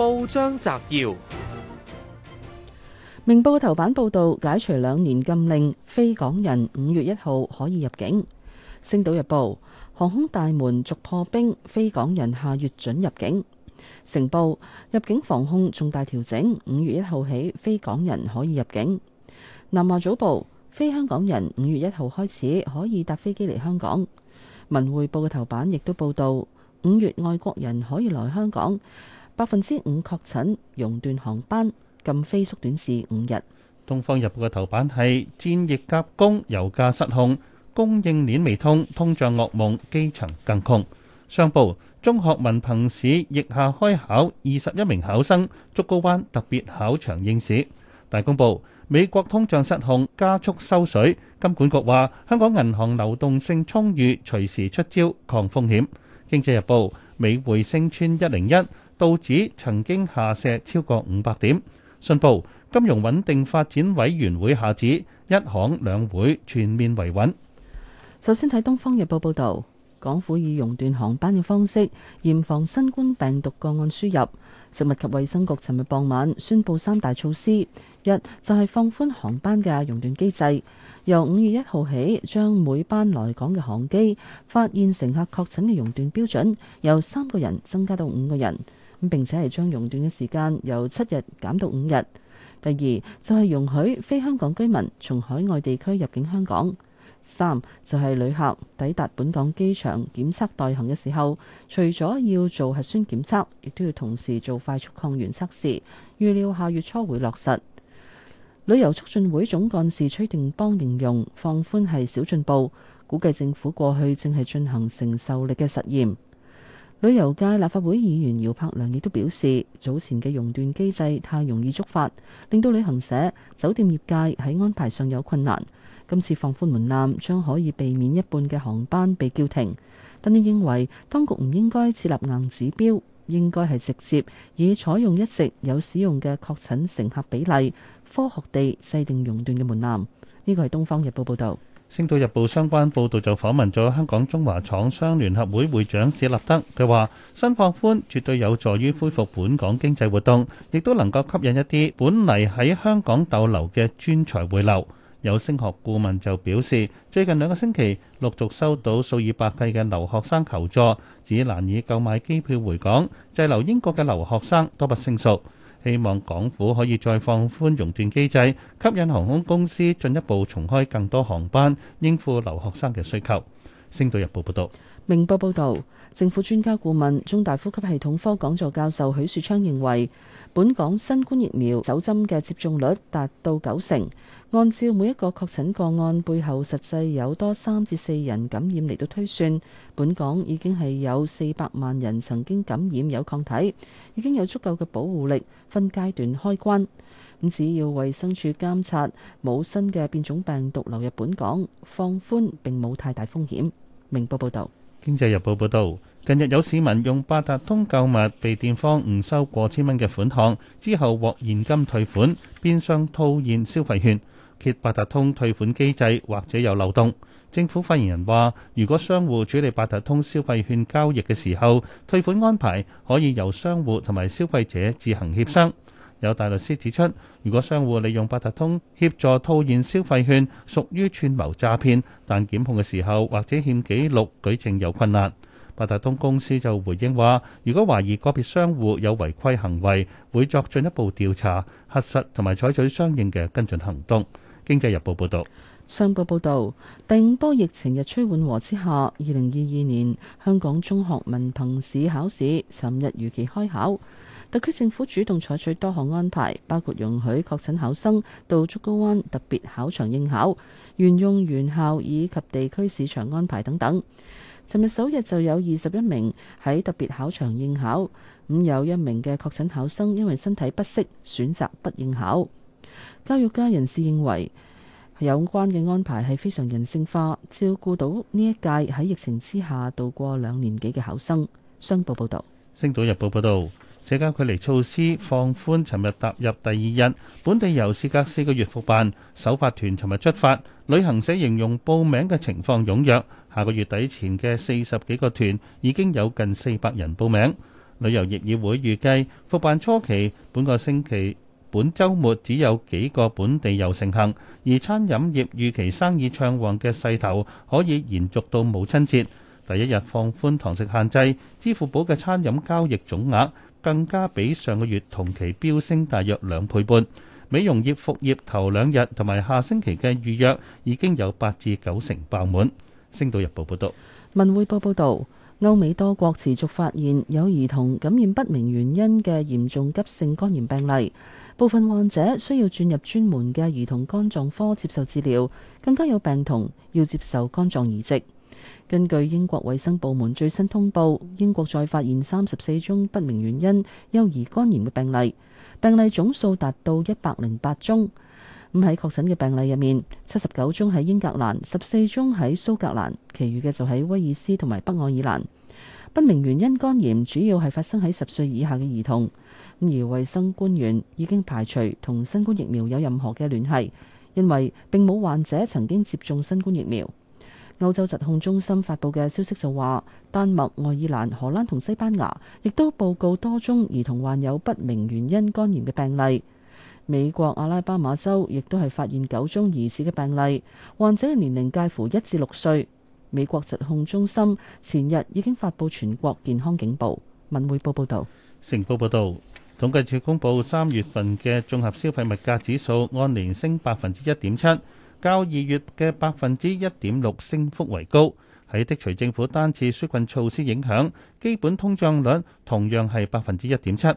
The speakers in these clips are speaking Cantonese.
報章摘要：明報嘅頭版報道，解除兩年禁令，非港人五月一號可以入境。星島日報，航空大門逐破冰，非港人下月准入境。成報，入境防控重大調整，五月一號起，非港人可以入境。南華早報，非香港人五月一號開始可以搭飛機嚟香港。文匯報嘅頭版亦都報道，五月外國人可以來香港。百分之五確診，熔斷航班禁飛，縮短至五日。《東方日報》嘅頭版係戰疫夾攻，油價失控，供應鏈未通，通脹噩夢，基層更窮。商報，中學文憑試疫下開考，二十一名考生，竹篙灣特別考場應試。大公報，美國通脹失控，加速收水。金管局話香港銀行流動性充裕，隨時出招抗風險。《經濟日報》美匯升穿一零一。道指曾經下瀉超過五百點。信報，金融穩定發展委員會下指一行兩會全面維穩。首先睇《東方日報》報導，港府以熔斷航班嘅方式嚴防新冠病毒個案輸入。食物及衛生局尋日傍晚宣布三大措施，一就係放寬航班嘅熔斷機制，由五月一號起，將每班來港嘅航機發現乘客確診嘅熔斷標準由三個人增加到五個人。咁並且係將熔斷嘅時間由七日減到五日。第二就係容許非香港居民從海外地區入境香港。三就係旅客抵達本港機場檢測待行嘅時候，除咗要做核酸檢測，亦都要同時做快速抗原測試。預料下月初會落實。旅遊促進會總幹事崔定邦形容放寬係小進步，估計政府過去正係進行承受力嘅實驗。旅遊界立法會議員姚柏良亦都表示，早前嘅熔斷機制太容易觸發，令到旅行社、酒店業界喺安排上有困難。今次放寬門檻，將可以避免一半嘅航班被叫停。但佢認為，當局唔應該設立硬指標，應該係直接以採用一直有使用嘅確診乘客比例，科學地制定熔斷嘅門檻。呢個係《東方日報》報導。《星島日報》相關報導就訪問咗香港中華廠商聯合會會長史立德，佢話：新放寬絕對有助於恢復本港經濟活動，亦都能夠吸引一啲本嚟喺香港逗留嘅專才回流。有升學顧問就表示，最近兩個星期陸續收到數以百計嘅留學生求助，指難以購買機票回港，滯留英國嘅留學生多不勝數。希望港府可以再放寬熔斷機制，吸引航空公司進一步重開更多航班，應付留學生嘅需求。星島日報報道。明報報道，政府專家顧問、中大呼吸系統科講座教授許樹昌認為，本港新冠疫苗首針嘅接種率達到九成。按照每一個確診個案背後實際有多三至四人感染嚟到推算，本港已經係有四百萬人曾經感染有抗體，已經有足夠嘅保護力。分階段開關咁，只要衛生署監察冇新嘅變種病毒流入本港，放寬並冇太大風險。明報報道。經濟日報報導，近日有市民用八達通購物，被店方唔收過千蚊嘅款項，之後獲現金退款，變相套現消費券，揭八達通退款機制或者有漏洞。政府發言人話，如果商戶處理八達通消費券交易嘅時候，退款安排可以由商戶同埋消費者自行協商。有大律師指出，如果商戶利用八達通協助套現消費券，屬於串謀詐騙，但檢控嘅時候或者欠記錄舉證有困難。八達通公司就回應話，如果懷疑個別商戶有違規行為，會作進一步調查核實，同埋採取相應嘅跟進行動。經濟日報報道：「上報報道，第五波疫情日趨緩和之下，二零二二年香港中學文憑試考試尋日如期開考。特區政府主動採取多項安排，包括容許確診考生到竹篙灣特別考場應考，沿用原校以及地區試場安排等等。尋日首日就有二十一名喺特別考場應考，咁有一名嘅確診考生因為身體不適，選擇不應考。教育界人士認為有關嘅安排係非常人性化，照顧到呢一屆喺疫情之下度過兩年幾嘅考生。商報報導，《星島日報》報導。社交距離措施放寬，尋日踏入第二日，本地遊事隔四個月復辦首發團。尋日出發，旅行社形容報名嘅情況踴躍，下個月底前嘅四十幾個團已經有近四百人報名。旅遊業議會預計復辦初期，本個星期本週末只有幾個本地遊盛行，而餐飲業預期生意暢旺嘅勢頭可以延續到母親節。第一日放寬堂食限制，支付寶嘅餐飲交易總額。更加比上個月同期飆升大約兩倍半。美容業復業頭兩日同埋下星期嘅預約已經有八至九成爆滿。星島日報報道，文匯報報道，歐美多國持續發現有兒童感染不明原因嘅嚴重急性肝炎病例，部分患者需要轉入專門嘅兒童肝臟科接受治療，更加有病童要接受肝臟移植。根據英國衛生部門最新通報，英國再發現三十四宗不明原因幼兒肝炎嘅病例，病例總數達到一百零八宗。咁喺確診嘅病例入面，七十九宗喺英格蘭，十四宗喺蘇格蘭，其餘嘅就喺威爾斯同埋北愛爾蘭。不明原因肝炎主要係發生喺十歲以下嘅兒童，而衛生官員已經排除同新冠疫苗有任何嘅聯繫，因為並冇患者曾經接種新冠疫苗。歐洲疾控中心發布嘅消息就話，丹麥、愛爾蘭、荷蘭同西班牙亦都報告多宗兒童患有不明原因肝炎嘅病例。美國阿拉巴馬州亦都係發現九宗疑似嘅病例，患者嘅年齡介乎一至六歲。美國疾控中心前日已經發布全國健康警報。文匯報報道：成報報道，統計處公佈三月份嘅綜合消費物價指數按年升百分之一點七。較二月嘅百分之一點六升幅為高，喺剔除政府單次紓困措施影響，基本通脹率同樣係百分之一點七。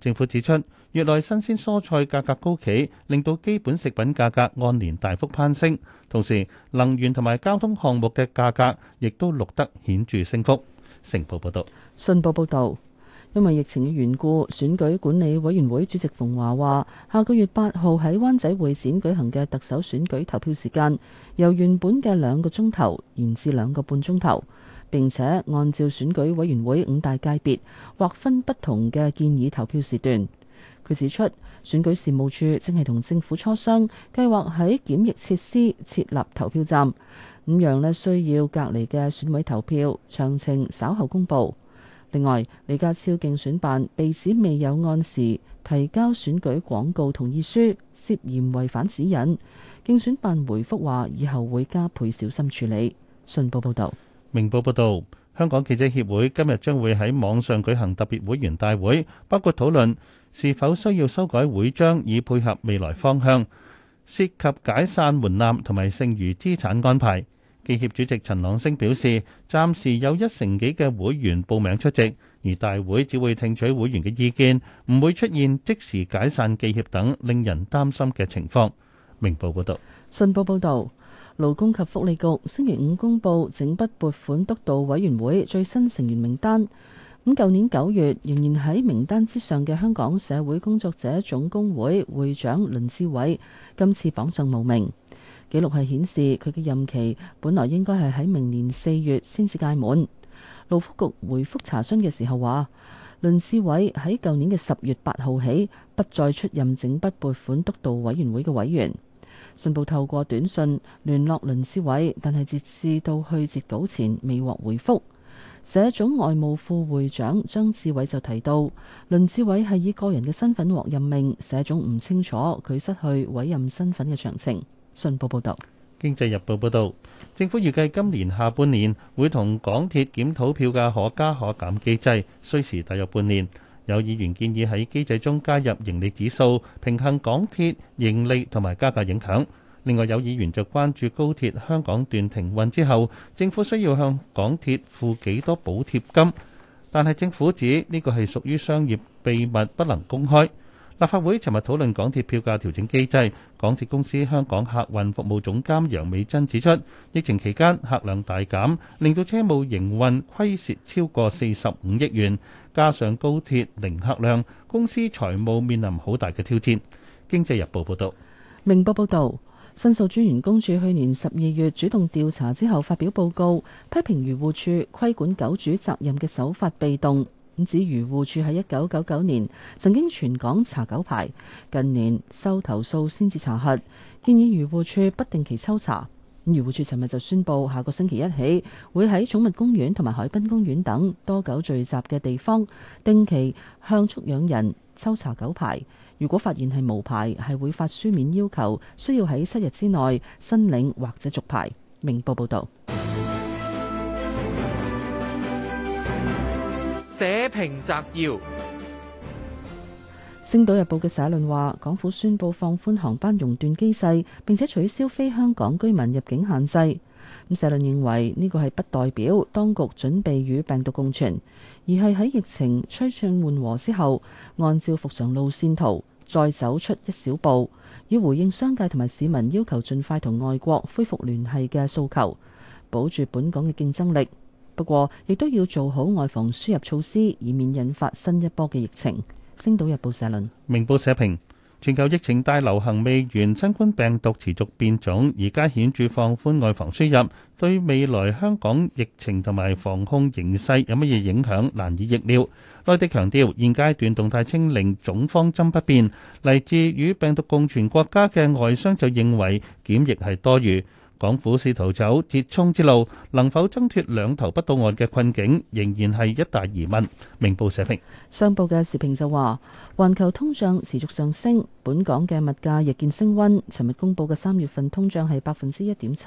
政府指出，月內新鮮蔬菜價格高企，令到基本食品價格按年大幅攀升，同時能源同埋交通項目嘅價格亦都錄得顯著升幅。成報報道。信報報導。因為疫情嘅緣故，選舉管理委員會主席馮華話：下個月八號喺灣仔會展舉行嘅特首選舉投票時間，由原本嘅兩個鐘頭延至兩個半鐘頭，並且按照選舉委員會五大界別劃分不同嘅建議投票時段。佢指出，選舉事務處正係同政府磋商，計劃喺檢疫設施設立投票站。五陽咧需要隔離嘅選委投票詳情稍後公佈。另外，李家超競選辦被指未有按時提交選舉廣告同意書，涉嫌違反指引。競選辦回覆話：以後會加倍小心處理。信報報導，明報報道：香港記者協會今日將會喺網上舉行特別會員大會，包括討論是否需要修改會章以配合未來方向，涉及解散門檻同埋剩餘資產安排。記協主席陳朗昇表示，暫時有一成幾嘅會員報名出席，而大會只會聽取會員嘅意見，唔會出現即時解散記協等令人擔心嘅情況。明報報道，信報報道，勞工及福利局星期五公布整筆撥款督導委員會最新成員名單。咁舊年九月仍然喺名單之上嘅香港社會工作者總工會會會長倫智偉，今次榜上無名。記錄係顯示佢嘅任期本來應該係喺明年四月先至屆滿。勞福局回覆查詢嘅時候話，倫志偉喺舊年嘅十月八號起不再出任整筆撥款督導委員會嘅委員。信報透過短信聯絡倫志偉，但係截至到去截稿前未獲回覆。社總外務副會長張志偉就提到，倫志偉係以個人嘅身份獲任命，社總唔清楚佢失去委任身份嘅詳情。信報報導，《經濟日報》報導，政府預計今年下半年會同港鐵檢討票價可加可減機制，需時大約半年。有議員建議喺機制中加入盈利指數，平衡港鐵盈利同埋加價影響。另外，有議員就關注高鐵香港段停運之後，政府需要向港鐵付幾多補貼金，但係政府指呢個係屬於商業秘密，不能公開。立法會尋日討論港鐵票價調整機制，港鐵公司香港客運服務總監楊美珍指出，疫情期間客量大減，令到車務營運虧蝕超過四十五億元，加上高鐵零客量，公司財務面臨好大嘅挑戰。經濟日報報道：「明報報道，申訴專員公署去年十二月主動調查之後，發表報告，批評漁護處規管狗主責任嘅手法被動。指漁護處喺一九九九年曾經全港查狗牌，近年收投訴先至查核，建議漁護處不定期抽查。漁護處尋日就宣布，下個星期一起會喺寵物公園同埋海濱公園等多狗聚集嘅地方，定期向畜養人抽查狗牌。如果發現係無牌，係會發書面要求，需要喺七日之內申領或者續牌。明報報導。報章摘要，《星島日報》嘅社論話，港府宣布放寬航班熔斷機制，並且取消非香港居民入境限制。咁社論認為呢個係不代表當局準備與病毒共存，而係喺疫情趨向緩和之後，按照復常路線圖再走出一小步，以回應商界同埋市民要求盡快同外國恢復聯繫嘅訴求，保住本港嘅競爭力。不過，亦都要做好外防輸入措施，以免引發新一波嘅疫情。星島日報社論、明報社評：全球疫情大流行未完，新冠病毒持續變種，而家顯著放寬外防輸入，對未來香港疫情同埋防控形勢有乜嘢影響，難以逆料。內地強調現階段動態清零總方針不變，嚟自與病毒共存國家嘅外商就認為檢疫係多餘。港府試圖走折衝之路，能否掙脫兩頭不到岸嘅困境，仍然係一大疑問。明報社評。商報嘅時評就話，環球通脹持續上升，本港嘅物價日見升溫。尋日公佈嘅三月份通脹係百分之一點七。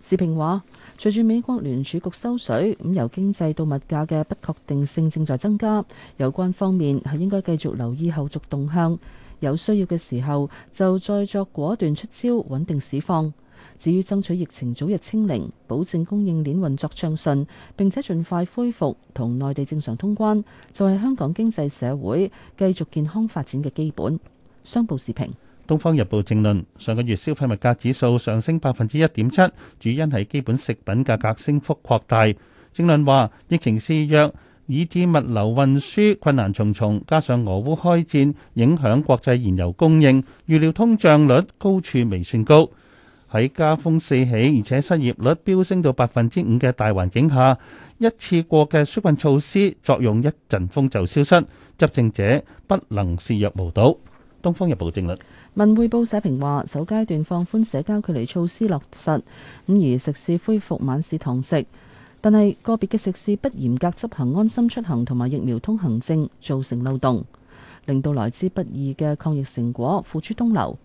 時評話，隨住美國聯儲局收水，咁由經濟到物價嘅不確定性正在增加。有關方面係應該繼續留意後續動向，有需要嘅時候就再作果斷出招，穩定市況。至於爭取疫情早日清零，保證供應鏈運作暢順，並且盡快恢復同內地正常通關，就係、是、香港經濟社會繼續健康發展嘅基本。商報時評，《東方日報》政論：上個月消費物價指數上升百分之一點七，主因係基本食品價格升幅擴大。政論話：疫情肆虐，以致物流運輸困難重重，加上俄烏開戰影響國際燃油供應，預料通脹率高處未算高。喺家風四起，而且失業率飆升到百分之五嘅大環境下，一次過嘅疏運措施作用一陣風就消失，執政者不能視若無睹。《東方日報》政論文匯報社評話：首階段放寬社交距離措施落實，咁而食肆恢復晚市堂食，但係個別嘅食肆不嚴格執行安心出行同埋疫苗通行證，造成漏洞，令到來之不易嘅抗疫成果付諸東流。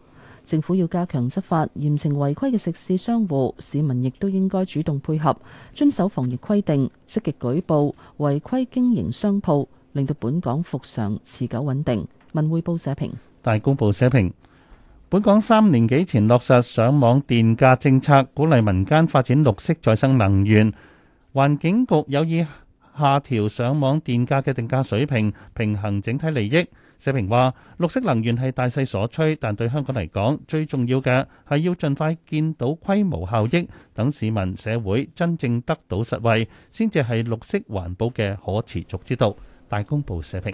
政府要加強執法，嚴懲違規嘅食肆商戶，市民亦都應該主動配合，遵守防疫規定，積極舉報違規經營商鋪，令到本港復常持久穩定。文匯報社評。大公報社評，本港三年幾前落實上網電價政策，鼓勵民間發展綠色再生能源，環境局有意下調上網電價嘅定價水平，平衡整體利益。社評話：綠色能源係大勢所趨，但對香港嚟講，最重要嘅係要盡快見到規模效益，等市民社會真正得到實惠，先至係綠色環保嘅可持續之道。大公報社評。